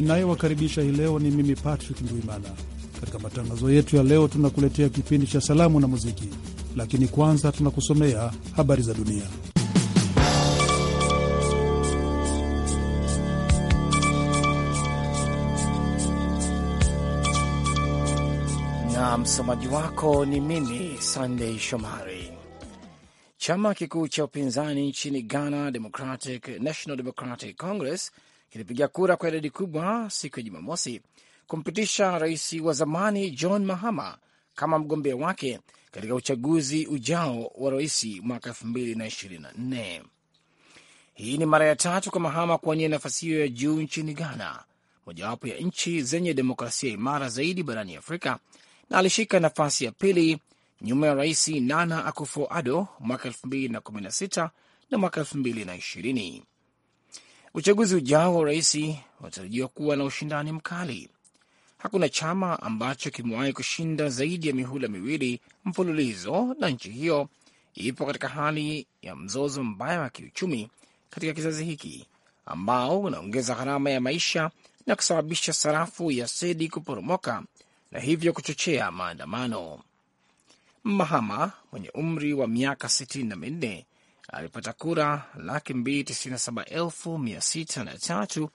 ninayewakaribisha hii leo ni mimi Patrick Ndwimana. Katika matangazo yetu ya leo, tunakuletea kipindi cha salamu na muziki, lakini kwanza tunakusomea habari za dunia. Na msomaji wako ni mimi Sandey Shomari. Chama kikuu cha upinzani nchini Ghana, Democratic National Democratic Congress kilipiga kura kwa idadi kubwa siku ya Jumamosi kumpitisha rais wa zamani John Mahama kama mgombea wake katika uchaguzi ujao wa rais mwaka 2024. Hii ni mara ya tatu kwa Mahama kuwania nafasi hiyo ya juu nchini Ghana, mojawapo ya nchi zenye demokrasia imara zaidi barani Afrika, na alishika nafasi ya pili nyuma ya rais Nana akufo Ado mwaka 2016 na mwaka 2020. Uchaguzi ujao wa urais unatarajiwa kuwa na ushindani mkali. Hakuna chama ambacho kimewahi kushinda zaidi ya mihula miwili mfululizo, na nchi hiyo ipo katika hali ya mzozo mbaya wa kiuchumi katika kizazi hiki ambao unaongeza gharama ya maisha na kusababisha sarafu ya sedi kuporomoka na hivyo kuchochea maandamano. Mahama mwenye umri wa miaka sitini na minne alipata kura laki mbili tisini na saba elfu mia sita na tatu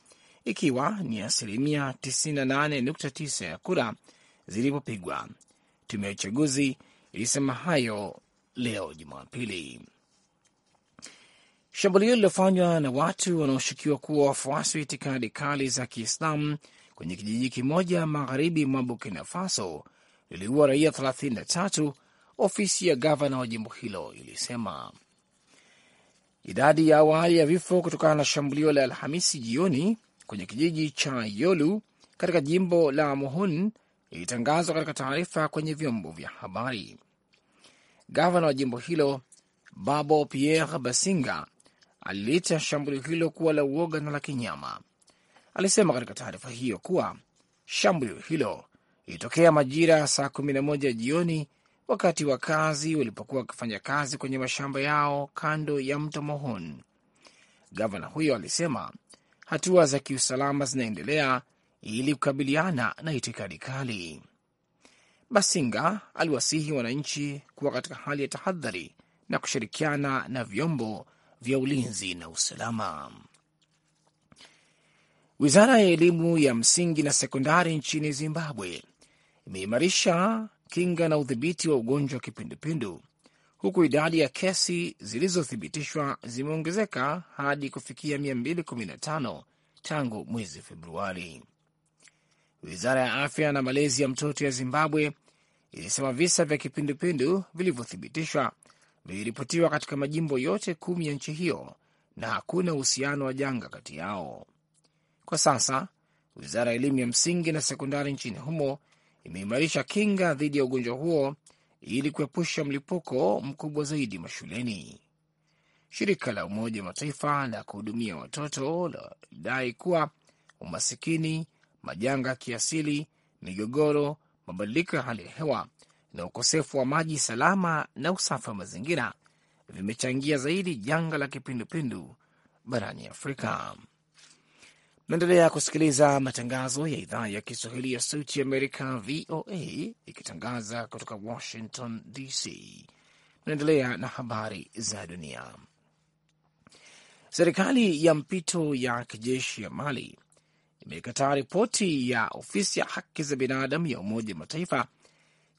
ikiwa ni asilimia 98.9 ya kura zilipopigwa. Tume ya uchaguzi ilisema hayo leo Jumapili. Shambulio lililofanywa na watu wanaoshukiwa kuwa wafuasi wa itikadi kali za Kiislamu kwenye kijiji kimoja magharibi mwa Burkina Faso liliua raia 33, ofisi ya gavana wa jimbo hilo ilisema. Idadi ya awali ya vifo kutokana na shambulio la Alhamisi jioni kwenye kijiji cha Yolu katika jimbo la Mohun ilitangazwa katika taarifa kwenye vyombo vya habari. Gavana wa jimbo hilo Babo Pierre Basinga aliliita shambulio hilo kuwa la uoga na la kinyama. Alisema katika taarifa hiyo kuwa shambulio hilo ilitokea majira ya saa 11 jioni wakati wakazi walipokuwa wakifanya kazi kwenye mashamba yao kando ya mto Mohon. Gavana huyo alisema hatua za kiusalama zinaendelea ili kukabiliana na itikadi kali. Basinga aliwasihi wananchi kuwa katika hali ya tahadhari na kushirikiana na vyombo vya ulinzi na usalama. Wizara ya elimu ya msingi na sekondari nchini Zimbabwe imeimarisha kinga na udhibiti wa ugonjwa wa kipindupindu, huku idadi ya kesi zilizothibitishwa zimeongezeka hadi kufikia 215 tangu mwezi Februari. Wizara ya afya na malezi ya mtoto ya Zimbabwe ilisema visa vya kipindupindu vilivyothibitishwa viliripotiwa katika majimbo yote kumi ya nchi hiyo na hakuna uhusiano wa janga kati yao. Kwa sasa wizara ya elimu ya msingi na sekondari nchini humo imeimarisha kinga dhidi ya ugonjwa huo ili kuepusha mlipuko mkubwa zaidi mashuleni. Shirika la Umoja wa Mataifa la kuhudumia watoto lidai kuwa umasikini, majanga ya kiasili, migogoro, mabadiliko ya hali ya hewa na ukosefu wa maji salama na usafi wa mazingira vimechangia zaidi janga la kipindupindu barani Afrika. Naendelea kusikiliza matangazo ya idhaa ya Kiswahili ya Sauti ya Amerika, VOA, ikitangaza kutoka Washington DC. Naendelea na habari za dunia. Serikali ya mpito ya kijeshi ya Mali imekataa ripoti ya ofisi ya haki za binadamu ya Umoja wa Mataifa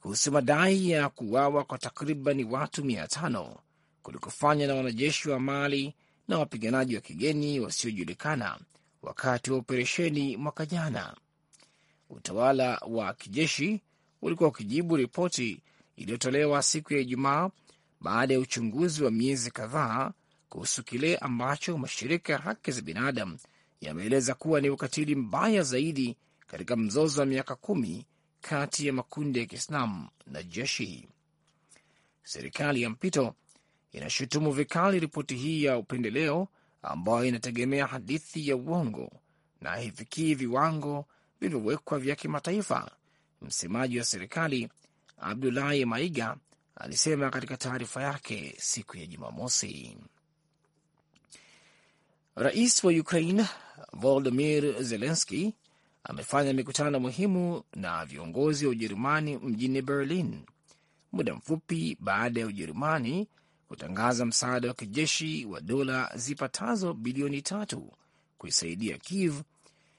kuhusu madai ya kuuawa kwa takriban watu mia tano kulikofanywa na wanajeshi wa Mali na wapiganaji wa kigeni wasiojulikana wakati wa operesheni mwaka jana. Utawala wa kijeshi ulikuwa ukijibu ripoti iliyotolewa siku ya Ijumaa baada ya uchunguzi wa miezi kadhaa kuhusu kile ambacho mashirika ya haki za binadamu yameeleza kuwa ni ukatili mbaya zaidi katika mzozo wa miaka kumi kati ya makundi ya Kiislamu na jeshi. Serikali ya mpito inashutumu vikali ripoti hii ya upendeleo ambayo inategemea hadithi ya uongo na haifikii viwango vilivyowekwa vya kimataifa, msemaji wa serikali Abdulahi Maiga alisema katika taarifa yake siku ya Jumamosi. Rais wa Ukraine Volodymyr zelenski amefanya mikutano muhimu na viongozi wa Ujerumani mjini Berlin muda mfupi baada ya Ujerumani kutangaza msaada wa kijeshi wa dola zipatazo bilioni tatu kuisaidia Kiev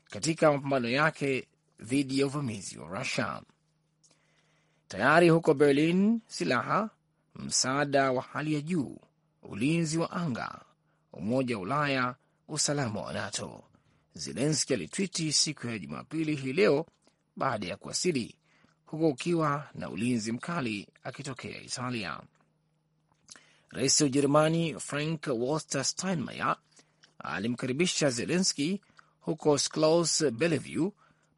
katika mapambano yake dhidi ya uvamizi wa Rusia. Tayari huko Berlin, silaha, msaada wa hali ya juu, ulinzi wa anga, Umoja wa Ulaya, usalama wa NATO. Zelenski alitwiti siku ya Jumapili hii leo baada ya kuwasili, huku ukiwa na ulinzi mkali akitokea Italia. Rais wa Ujerumani Frank Walter Steinmeier alimkaribisha Zelenski huko Sklos Bellevue,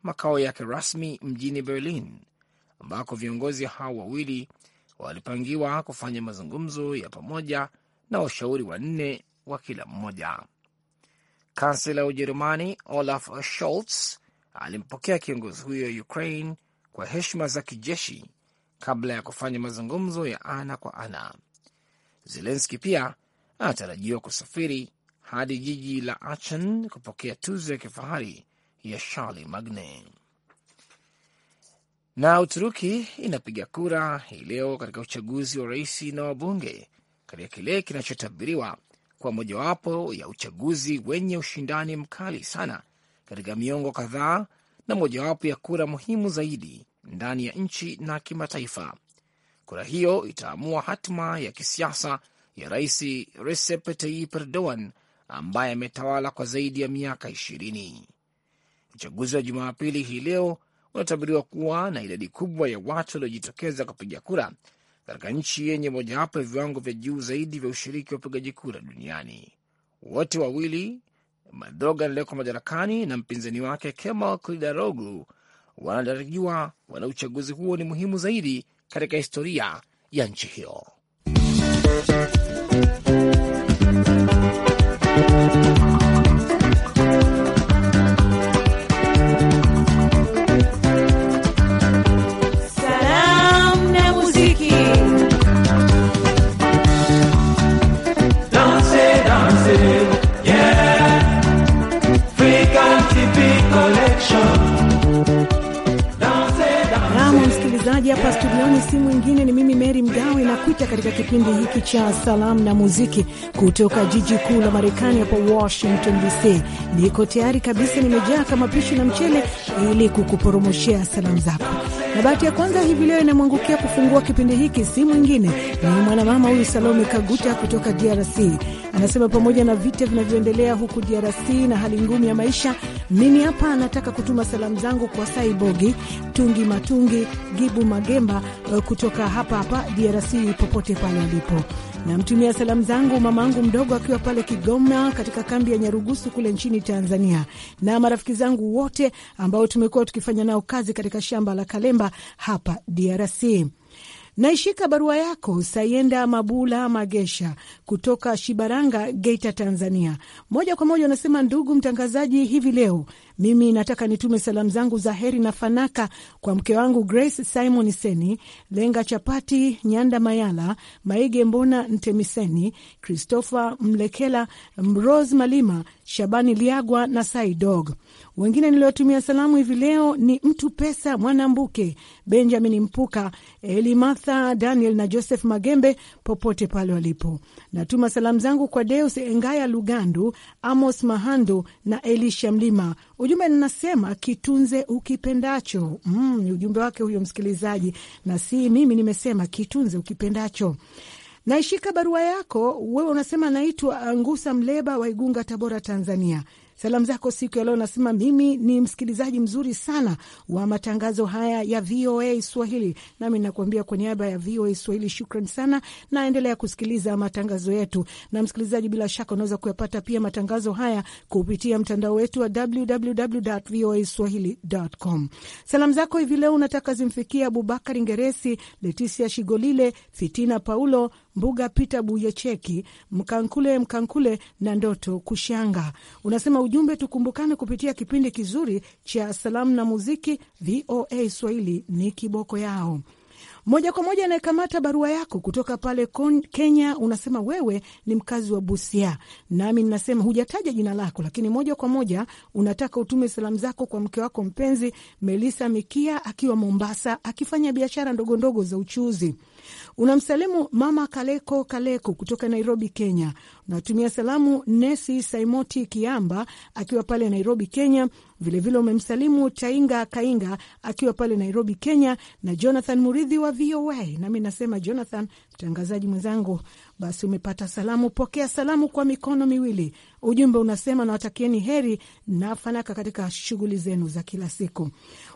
makao yake rasmi mjini Berlin, ambako viongozi hao wawili walipangiwa kufanya mazungumzo ya pamoja na washauri wanne wa kila mmoja. Kansela wa Ujerumani Olaf Scholz alimpokea kiongozi huyo Ukraine kwa heshima za kijeshi kabla ya kufanya mazungumzo ya ana kwa ana. Zelenski pia anatarajiwa kusafiri hadi jiji la Achan kupokea tuzo ya kifahari ya Charli Magne. Na Uturuki inapiga kura hii leo katika uchaguzi wa rais na wabunge katika kile kinachotabiriwa kwa mojawapo ya uchaguzi wenye ushindani mkali sana katika miongo kadhaa na mojawapo ya kura muhimu zaidi ndani ya nchi na kimataifa Kura hiyo itaamua hatima ya kisiasa ya Rais Recep Tayyip Erdogan ambaye ametawala kwa zaidi ya miaka ishirini. Uchaguzi wa Jumapili hii leo unatabiriwa kuwa na idadi kubwa ya watu waliojitokeza kupiga kura katika nchi yenye mojawapo ya viwango vya juu zaidi vya ushiriki wa upigaji kura duniani. Wote wawili Madogan aliyeko madarakani na mpinzani wake Kemal Kılıçdaroğlu wanatarajiwa wana uchaguzi huo ni muhimu zaidi katika historia ya nchi hiyo. Dance, msikilizaji, hapa studioni si mwingine ni mimi Meri Mgawe na kuita katika kipindi hiki cha salamu na muziki kutoka jiji kuu la Marekani hapa Washington DC. Niko tayari kabisa, nimejaa kama pishi na mchele ili kukuporomoshea salamu zako, na bahati ya kwanza hivi leo inamwangukia kufungua kipindi hiki si mwingine ni mwanamama huyu Salome Kaguta kutoka DRC. Anasema pamoja na vita vinavyoendelea huku DRC na hali ngumu ya maisha, mimi hapa nataka kutuma salamu zangu kwa Saibogi Tungi Matungi Gibu Magemba eh, kutoka hapa hapa DRC popote pale alipo. Namtumia salamu zangu mamangu mdogo akiwa pale Kigoma katika kambi ya Nyarugusu kule nchini Tanzania, na marafiki zangu wote ambao tumekuwa tukifanya nao kazi katika shamba la Kalemba hapa DRC. Naishika barua yako Sayenda Mabula Magesha kutoka Shibaranga, Geita, Tanzania. Moja kwa moja unasema, ndugu mtangazaji, hivi leo mimi nataka nitume salamu zangu za heri na fanaka kwa mke wangu Grace Simon Seni, Lenga Chapati, Nyanda Mayala, Maige Mbona, Ntemiseni, Christopher Mlekela, Mrose Malima, Shabani Liagwa na Saidog. Wengine niliotumia salamu hivi leo ni mtu pesa Mwanambuke, Benjamin Mpuka, Elimatha Daniel na Joseph Magembe popote pale walipo. Natuma salamu zangu kwa Deus Engaya Lugandu, Amos Mahando na Elisha Mlima. Ujumbe ninasema kitunze ukipendacho. Mm, ni ujumbe wake huyo msikilizaji, na si mimi nimesema, kitunze ukipendacho. Naishika barua yako wewe, unasema naitwa Ngusa Mleba wa Igunga, Tabora, Tanzania salamu zako siku ya leo. Nasema mimi ni msikilizaji mzuri sana wa matangazo haya ya VOA Swahili, nami nakuambia kwa niaba ya VOA Swahili shukran sana, naendelea kusikiliza matangazo yetu. Na msikilizaji, bila shaka unaweza kuyapata pia matangazo haya kupitia mtandao wetu wa www voa com. Salamu zako hivi leo unataka zimfikia Abubakar Ngeresi, Leticia Shigolile, Fitina Paulo Mbuga Peter Buyecheki, Mkankule Mkankule na Ndoto Kushanga. Unasema ujumbe, tukumbukane kupitia kipindi kizuri cha salamu na muziki. VOA Swahili ni kiboko yao moja kwa moja anayekamata barua yako kutoka pale Kon, Kenya. Unasema wewe ni mkazi wa Busia, nami ninasema hujataja jina lako, lakini moja kwa moja unataka utume salamu zako kwa mke wako mpenzi Melisa Mikia akiwa Mombasa, akifanya biashara ndogondogo za uchuzi. Unamsalimu Mama Kaleko kaleko kutoka Nairobi, Kenya. Unatumia salamu Nesi Saimoti Kiamba akiwa pale Nairobi, Kenya. Vilevile umemsalimu Tainga Kainga akiwa pale Nairobi, Kenya, na Jonathan Muridhi wa VOA. Nami nasema Jonathan, mtangazaji mwenzangu, basi umepata salamu, pokea salamu kwa mikono miwili. Ujumbe unasema nawatakieni heri na fanaka katika shughuli zenu za kila siku.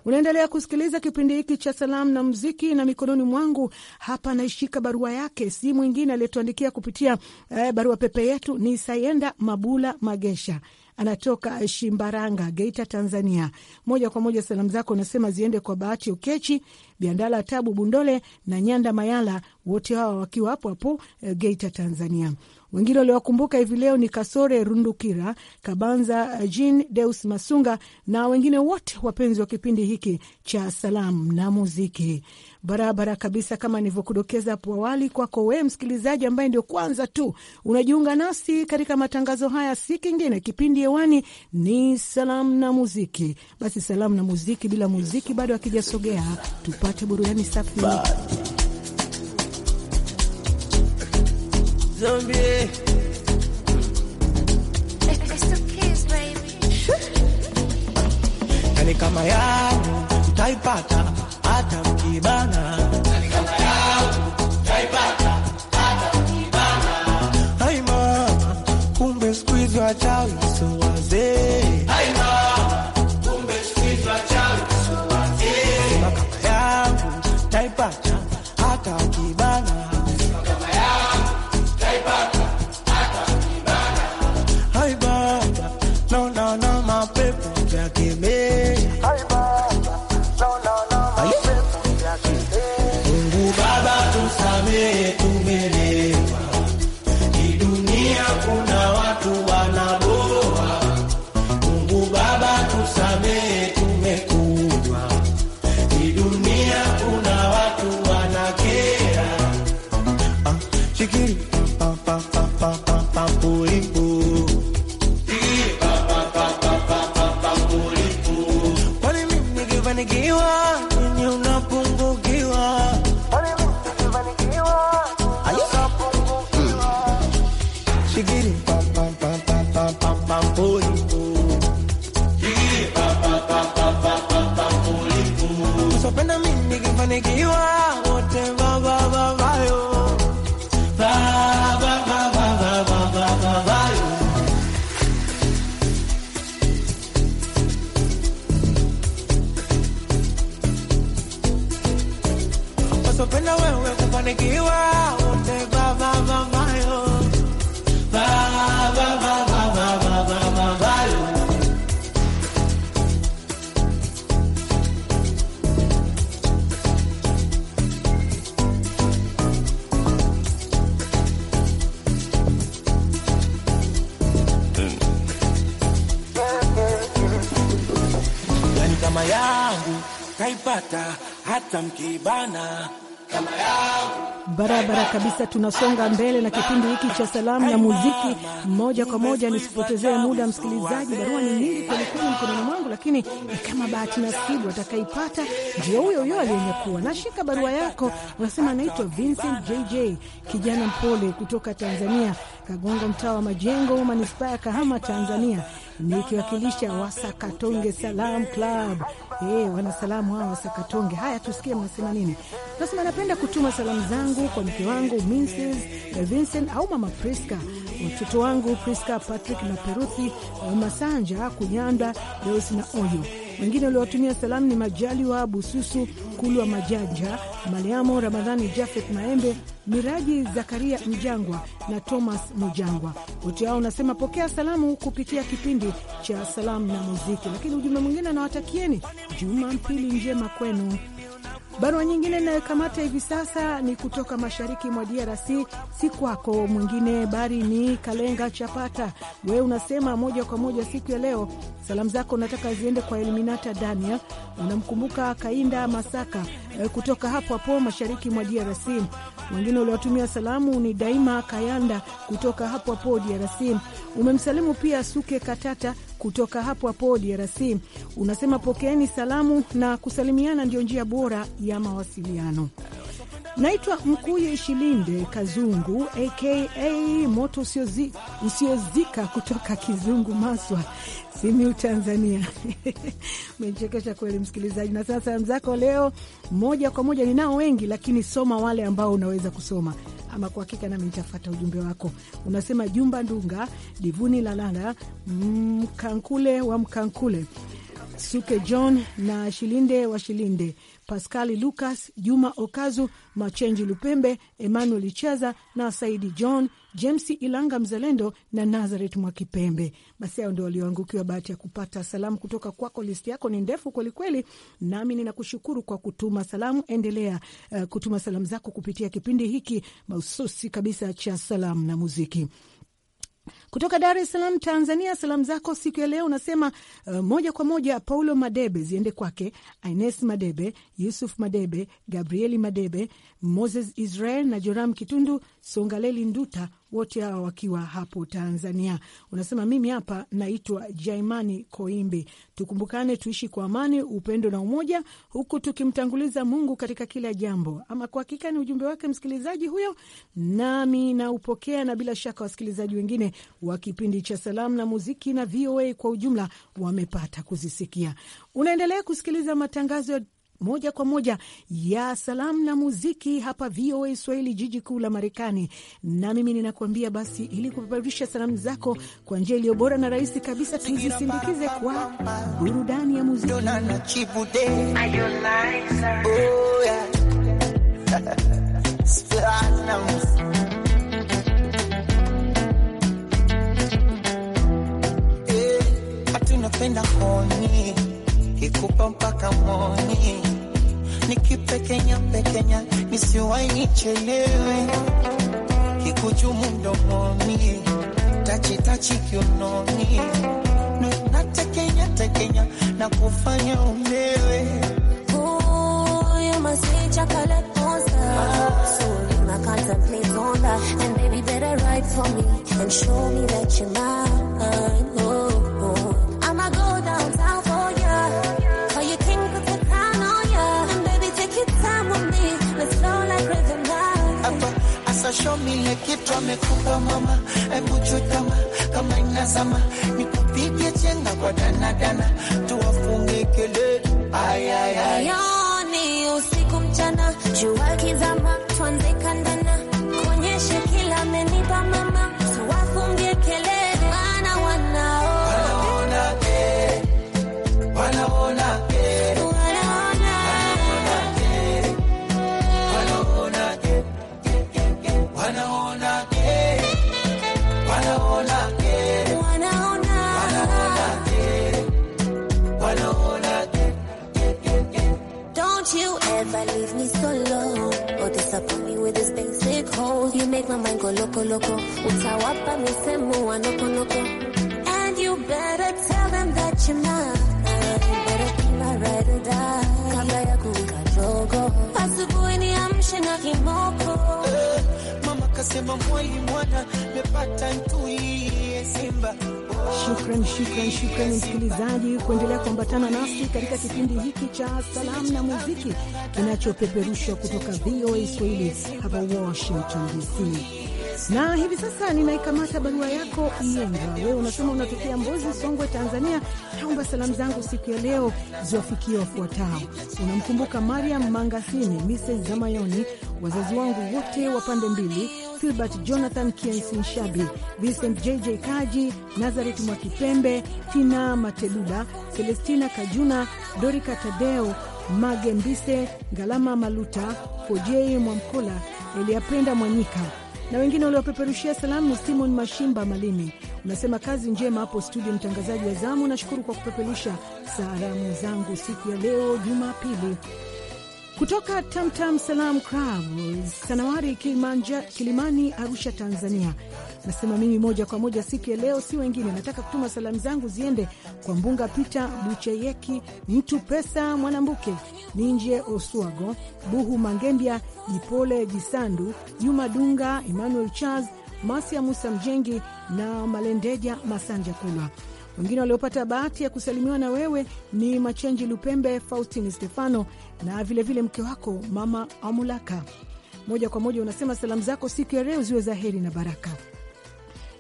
Unaendelea kusikiliza kipindi hiki cha salamu na mziki na mikononi mwangu hapa naishika barua yake, si mwingine aliyetuandikia kupitia eh, barua pepe yetu ni Sayenda Mabula Magesha anatoka Shimbaranga, Geita, Tanzania. Moja kwa moja salamu zako unasema ziende kwa Bahati Ukechi, Biandala Tabu Bundole na Nyanda Mayala, wote hawa wakiwa hapo hapo eh, Geita, Tanzania. Wengine waliowakumbuka hivi leo ni Kasore Rundukira, Kabanza Jean, Deus Masunga na wengine wote wapenzi wa kipindi hiki cha salamu na muziki. Barabara kabisa, kama nilivyokudokeza hapo awali, kwako wewe msikilizaji ambaye ndio kwanza tu unajiunga nasi katika matangazo haya, si kingine, kipindi hewani ni salamu na muziki. Basi salamu na muziki, bila muziki bado akijasogea, tupate burudani safi Bye. Zambie. Kani kama yangu utaipata hata ukibana barabara kabisa. Tunasonga mbele na kipindi hiki cha salamu na muziki moja kwa moja, nisipotezee muda msikilizaji. Barua ni nyingi kwelikweli mkononi mwangu, lakini kama bahati nasibu atakaipata ndio huyo huyo aliyenyekua Nashika barua yako, unasema anaitwa Vincent JJ, kijana mpole kutoka Tanzania, Kagongo, mtaa wa Majengo, manispaa ya Kahama, Tanzania, nikiwakilisha Wasakatonge Salam Club. Hey, eh, wanasalamu hawa Wasakatonge. Haya, tusikie mnasema nini. Nasema napenda kutuma salamu zangu kwa mke wangu Mrs eh, Vincent au mama Priska, watoto wangu Priska Patrick na Peruthi eh, Masanja Kunyanda, Deus na Oyo. Wengine waliowatumia salamu ni Majaliwa Bususu, Kulwa Majanja, Maleamo Ramadhani, Jafet Maembe, Miraji Zakaria Mjangwa na Thomas Mjangwa. Wote hao unasema pokea salamu kupitia kipindi cha salamu na muziki, lakini ujumbe mwingine anawatakieni juma pili njema kwenu. Barua nyingine inayokamata hivi sasa ni kutoka mashariki mwa DRC, si kwako mwingine bali ni Kalenga Chapata. Wewe unasema moja kwa moja siku ya leo, salamu zako nataka ziende kwa Eliminata Daniel, unamkumbuka Kainda Masaka Eh, kutoka hapo hapo mashariki mwa DRC. Mwingine uliotumia salamu ni Daima Kayanda kutoka hapo hapo DRC. Umemsalimu pia Suke Katata kutoka hapo hapo DRC. Unasema pokeeni salamu na kusalimiana ndio njia bora ya mawasiliano. Naitwa Mkuye Ishilinde Kazungu aka moto usiozika kutoka Kizungu, Maswa, Simiu, Tanzania. mechekesha kweli msikilizaji. Na sasa salamu zako leo moja kwa moja, ninao wengi, lakini soma wale ambao unaweza kusoma, ama kwa hakika nami nitafata ujumbe wako. Unasema Jumba Ndunga Divuni Lalala Mkankule wa Mkankule Suke John na Shilinde wa Shilinde Paskali Lucas, Juma Okazu, Machenji Lupembe, Emmanuel chaza na Saidi John, James Ilanga Mzalendo na Nazaret Mwakipembe. Basi hao ndio walioangukiwa bahati ya kupata salamu kutoka kwako. Listi yako ni ndefu kwelikweli, nami ninakushukuru kwa kutuma salamu. Endelea uh, kutuma salamu zako kupitia kipindi hiki mahususi kabisa cha salamu na muziki. Kutoka Dar es Salaam, Tanzania, salamu zako siku ya leo unasema uh, moja kwa moja Paulo Madebe ziende kwake, Ines Madebe, Yusuf Madebe, Gabrieli Madebe, Moses Israel na Joram Kitundu, Songaleli Nduta wote hawa wakiwa hapo Tanzania. Unasema mimi hapa naitwa Jaimani Koimbe. Tukumbukane, tuishi kwa amani, upendo na umoja, huku tukimtanguliza Mungu katika kila jambo. Ama kwa hakika ni ujumbe wake msikilizaji huyo, nami naupokea na bila shaka wasikilizaji wengine wa kipindi cha Salamu na Muziki na VOA kwa ujumla wamepata kuzisikia. Unaendelea kusikiliza matangazo ya moja kwa moja ya salamu na muziki hapa VOA Swahili, jiji kuu la Marekani. Na mimi ninakuambia basi, ili kupeperusha salamu zako kwa njia iliyo bora na rahisi kabisa, tuzisindikize kwa burudani ya muziki. Oh, eh, Hatuna penda nikupa mpaka moni, nikipekenya pekenya nisiwai nichelewe, kikuchumu mdomoni, tachitachi kiunoni, nuna tekenya tekenya na kufanya ulewe oh, Kashomile kitu amekupa mama, ebu chutama kama inazama, nikupige chenga kwa danadana, tuwafunge kelele ayayay, ayoni usiku mchana, jua kizama, tuanze kanda might leave me so low, Or disappoint me with this basic hold. You make my mind go loco loco. Utawapa mi semu anoko loco. And you better tell them that you're mine. You better be my ride or die. Kabla ya kuwika rogo. Asubuhi niamshe na kimoko. Eh, mama kasema mwai mwana mepata ntui Shukran, shukran, shukran msikilizaji kuendelea kuambatana nasi katika kipindi hiki cha salamu na muziki kinachopeperushwa kutoka VOA Swahili hapa Washington DC. Na hivi sasa ninaikamata barua yako Iyenga, wewe unasema unatokea Mbozi, Songwe, Tanzania. Naomba salamu zangu siku ya leo ziwafikie wafuatao. Unamkumbuka Mariam Mangasini, Mise Zamayoni, wazazi wangu wote wa pande mbili Filbert Jonathan kiensinshabi Vincent JJ Kaji, nazaret Mwakipembe, Tina Matelula, Celestina Kajuna, Dorika Tadeo, Magembise Ngalama, Maluta Fojei Mwamkola, Eliapenda Mwanyika na wengine waliopeperushia salamu ni Simon Mashimba Malimi, unasema kazi njema hapo studio, mtangazaji wa zamu. Nashukuru kwa kupeperusha salamu zangu siku ya leo Jumapili kutoka Tamtam Salam Club Sanawari Kilimanja, Kilimani, Arusha, Tanzania. Nasema mimi moja kwa moja siku ya leo, si wengine, nataka kutuma salamu zangu ziende kwa Mbunga Pita Bucheyeki, Mtu Pesa Mwanambuke, Ninje Oswago, Buhu mangembya Jipole Jisandu, Juma Dunga, Emmanuel Charles, Masia Musa Mjengi na Malendeja Masanja Kulwa. Wengine waliopata bahati ya kusalimiwa na wewe ni Machenji Lupembe, Faustini Stefano na vilevile vile mke wako Mama Amulaka. Moja kwa moja unasema salamu zako siku ya leo ziwe za heri na baraka.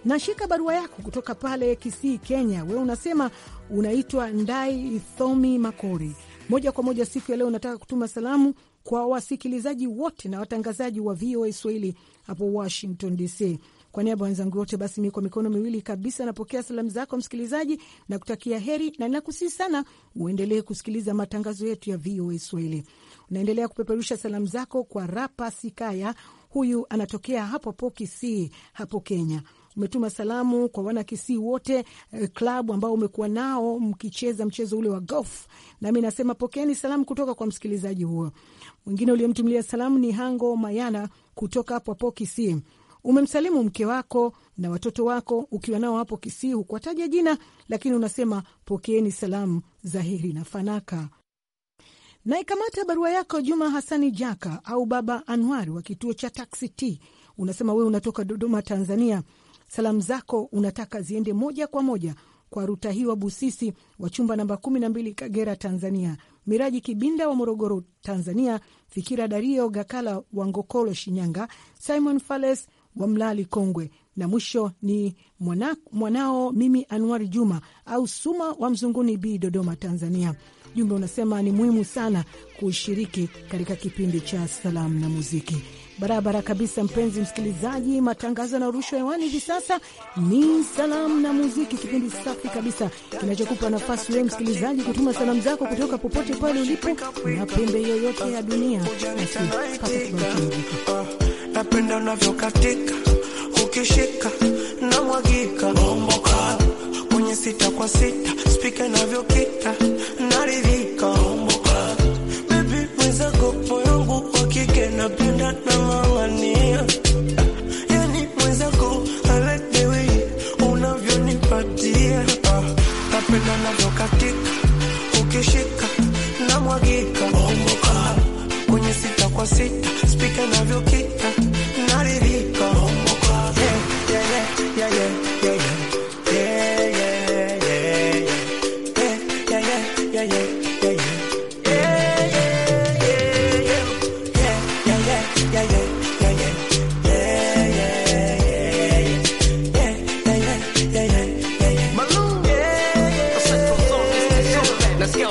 Nashika barua yako kutoka pale Kisii, Kenya. Wewe unasema unaitwa Ndai thomi Makori. Moja kwa moja siku ya leo unataka kutuma salamu kwa wasikilizaji wote na watangazaji wa VOA Swahili hapo Washington DC. Kwa niaba wenzangu wote, basi mi kwa mikono miwili kabisa napokea salamu zako msikilizaji na kutakia heri, na nakusihi sana uendelee kusikiliza matangazo yetu ya VOA Swahili. Unaendelea kupeperusha salamu zako kwa Rapa Sikaya, huyu anatokea hapo po Kisii hapo Kenya. Umetuma salamu kwa wana Kisii wote eh, klabu ambao umekuwa nao mkicheza mchezo ule wa golf, nami nasema pokeeni salamu kutoka kwa msikilizaji huo. Mwingine uliomtumilia salamu ni Hango Mayana kutoka hapo po Kisii umemsalimu mke wako na watoto wako ukiwa nao hapo Kisii, hukuwataja jina, lakini unasema pokeeni salamu za heri na fanaka. Na ikamata barua yako Juma Hasani Jaka au Baba Anwari wa kituo cha Taksi T, unasema wewe unatoka Dodoma, Tanzania. Salamu zako unataka ziende moja kwa moja kwa Ruta hii wa Busisi wa chumba namba kumi na mbili, Kagera, Tanzania, Miraji Kibinda wa Morogoro, Tanzania, Fikira Dario Gakala wa Ngokolo, Shinyanga, Simon Fales wa Mlali Kongwe, na mwisho ni mwanao mimi Anwar Juma au Suma wa Mzunguni B, Dodoma, Tanzania. Jumbe unasema ni muhimu sana kushiriki katika kipindi cha salamu na muziki. Barabara kabisa, mpenzi msikilizaji, matangazo yanayorushwa hewani hivi sasa ni salamu na muziki, kipindi safi kabisa kinachokupa nafasi wewe msikilizaji kutuma salamu zako kutoka popote pale ulipo na pembe yoyote ya dunia. Basi muziki napenda unavyokatika ukishika na mwagika bomboka kwenye sita kwa sita spika inavyokita naridhika bomboka bebi mwenzako moyangu wa kike napenda na mangania yani mwenzako aledewi unavyonipatia ah, napenda unavyokatika ukishika na mwagika bomboka kwenye sita kwa sita spika inavyokita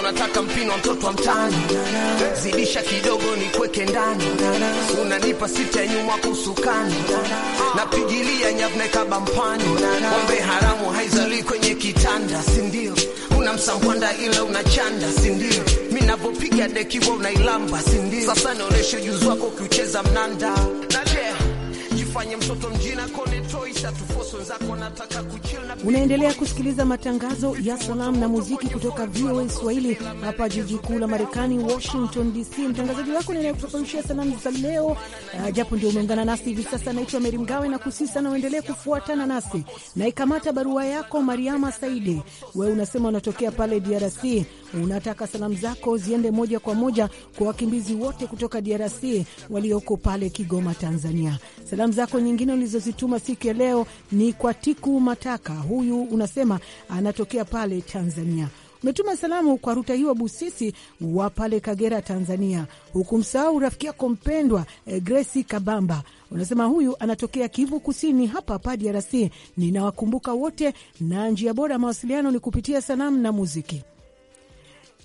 Nataka mpino wa mtoto wa mtaani, zidisha kidogo ni kweke ndani, unanipa sita nyuma kusukani, napigilia nyavneka bampani, pombe haramu haizalii kwenye kitanda, si ndio? una msambwanda unachanda, si ndio? Mi navyopiga dekiwa unailamba, si ndio? Sasa naonesha juzi wako ukiucheza mnanda na Unaendelea kusikiliza matangazo ya salamu na muziki kutoka VOA Swahili hapa jiji kuu la Marekani, Washington DC. Mtangazaji wako ninayekupeperushia salamu za leo, uh, japo ndio umeungana nasi hivi sasa, naitwa Meri Mgawe na kusihi sana uendelee kufuatana nasi. na ikamata barua yako Mariama Saidi, wewe unasema unatokea pale DRC, unataka salamu zako ziende moja kwa moja kwa wakimbizi wote kutoka DRC walioko pale Kigoma, Tanzania. Salamu zako zako nyingine ulizozituma siku ya leo ni kwa Tiku Mataka. Huyu unasema anatokea pale Tanzania. Umetuma salamu kwa Ruta Hiwa Busisi wa pale Kagera, Tanzania. Hukumsahau rafiki yako mpendwa eh, gresi Kabamba, unasema huyu anatokea Kivu Kusini, hapa pa DRC. Ninawakumbuka wote, na njia bora ya mawasiliano ni kupitia salamu na muziki.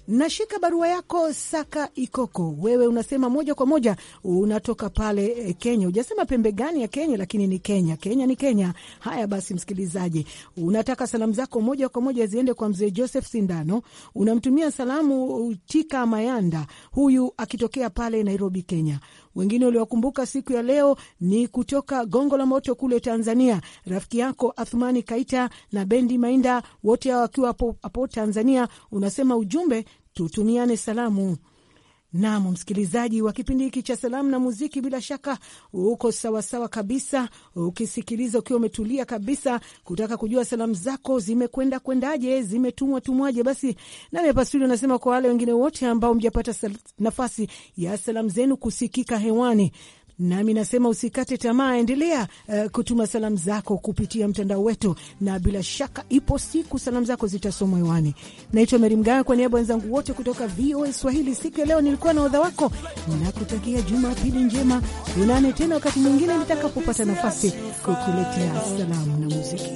Nashika barua yako Saka Ikoko, wewe unasema moja kwa moja unatoka pale eh, Kenya. Ujasema pembe gani ya Kenya, lakini ni Kenya. Kenya ni Kenya. Haya basi, msikilizaji, unataka salamu zako moja kwa moja ziende kwa mzee Joseph Sindano. Unamtumia salamu Tika Mayanda, huyu akitokea pale Nairobi, Kenya. Wengine uliwakumbuka siku ya leo ni kutoka Gongo la Moto kule Tanzania, rafiki yako Athumani Kaita na Bendi Mainda, wote hawa wakiwa hapo Tanzania. Unasema ujumbe tutumiane salamu. Nam msikilizaji wa kipindi hiki cha salamu na muziki, bila shaka uko sawasawa kabisa, ukisikiliza ukiwa umetulia kabisa, kutaka kujua salamu zako zimekwenda kwendaje, zimetumwa tumwaje. Basi nami studio unasema kwa wale wengine wote ambao mjapata nafasi ya salamu zenu kusikika hewani Nami nasema usikate tamaa, endelea uh, kutuma salamu zako kupitia mtandao wetu, na bila shaka ipo siku salamu zako zitasomwa hewani. Naitwa Meri mgawa kwa niaba wenzangu wote kutoka VOA Swahili. Siku ya leo nilikuwa na odha wako, nakutakia Jumapili njema. unane tena wakati mwingine nitakapopata nafasi kukuletea salamu na muziki.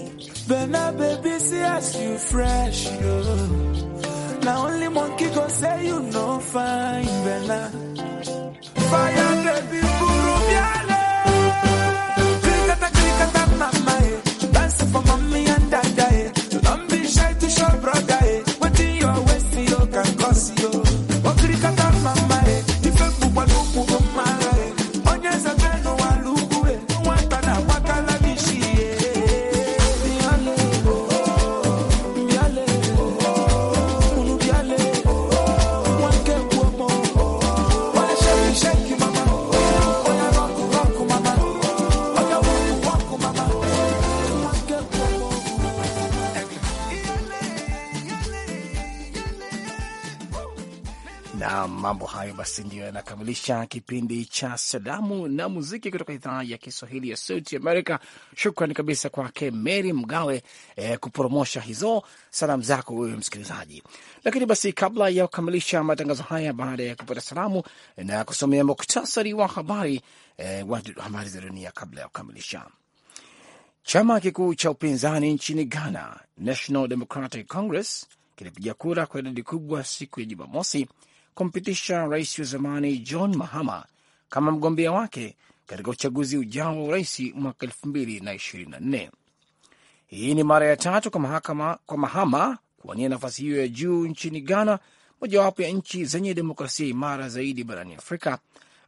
tunakamilisha kipindi cha salamu na muziki kutoka idhaa ya Kiswahili ya Sauti Amerika. Shukrani kabisa kwake Mary Mgawe eh, kupromosha hizo salamu zako wewe msikilizaji. Lakini basi kabla ya kukamilisha matangazo haya, baada ya kupata salamu na kusomea muktasari wa habari eh, wa habari za dunia kabla ya kukamilisha Chama kikuu cha upinzani nchini Ghana, National Democratic Congress, kilipiga kura kwa idadi kubwa siku ya Jumamosi kumpitisha rais wa zamani John Mahama kama mgombea wake katika uchaguzi ujao wa urais mwaka nne. Hii ni mara ya tatu kwa, mahakama, kwa Mahama kuwania nafasi hiyo ya juu nchini Ghana, mojawapo ya nchi zenye demokrasia imara zaidi barani Afrika.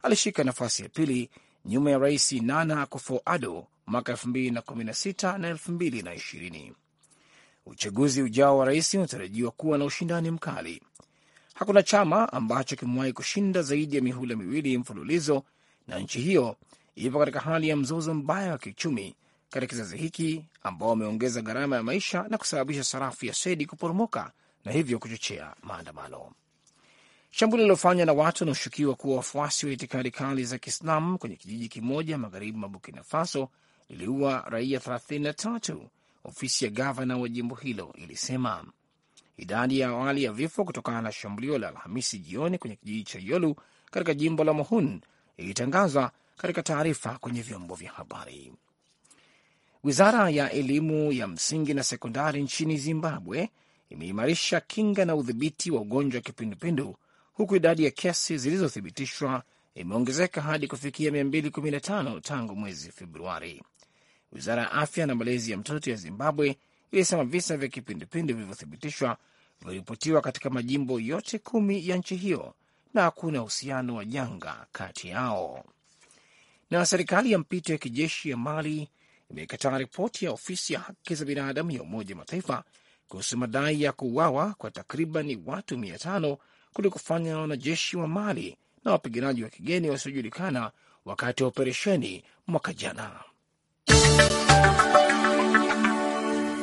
Alishika nafasi ya pili nyuma ya rais Nana Akufo-Addo mwaka 2016 na ishirini. Uchaguzi ujao wa rais unatarajiwa kuwa na ushindani mkali. Hakuna chama ambacho kimewahi kushinda zaidi ya mihula miwili mfululizo, na nchi hiyo ipo katika hali ya mzozo mbaya wa kiuchumi katika kizazi hiki ambao wameongeza gharama ya maisha na kusababisha sarafu ya sedi kuporomoka na hivyo kuchochea maandamano. Shambulio lilofanywa na watu wanaoshukiwa kuwa wafuasi wa itikadi kali za Kiislamu kwenye kijiji kimoja magharibi mwa Burkina Faso liliua raia 33, ofisi ya gavana wa jimbo hilo ilisema. Idadi ya awali ya vifo kutokana na shambulio la Alhamisi jioni kwenye kijiji cha Yolu katika jimbo la Mohun ilitangazwa katika taarifa kwenye vyombo vya habari. Wizara ya elimu ya msingi na sekondari nchini Zimbabwe imeimarisha kinga na udhibiti wa ugonjwa wa kipindupindu huku idadi ya kesi zilizothibitishwa imeongezeka hadi kufikia 215 tangu mwezi Februari. Wizara ya afya na malezi ya mtoto ya Zimbabwe ilisema visa vya kipindupindu vilivyothibitishwa wameripotiwa katika majimbo yote kumi ya nchi hiyo na hakuna uhusiano wa janga kati yao. Na serikali ya mpito ya kijeshi ya Mali imekataa ripoti ya ofisi ya haki za binadamu ya Umoja Mataifa kuhusu madai ya kuuawa kwa takriban watu mia tano kulikofanya na wanajeshi wa Mali na wapiganaji wa kigeni wasiojulikana wakati wa operesheni mwaka jana.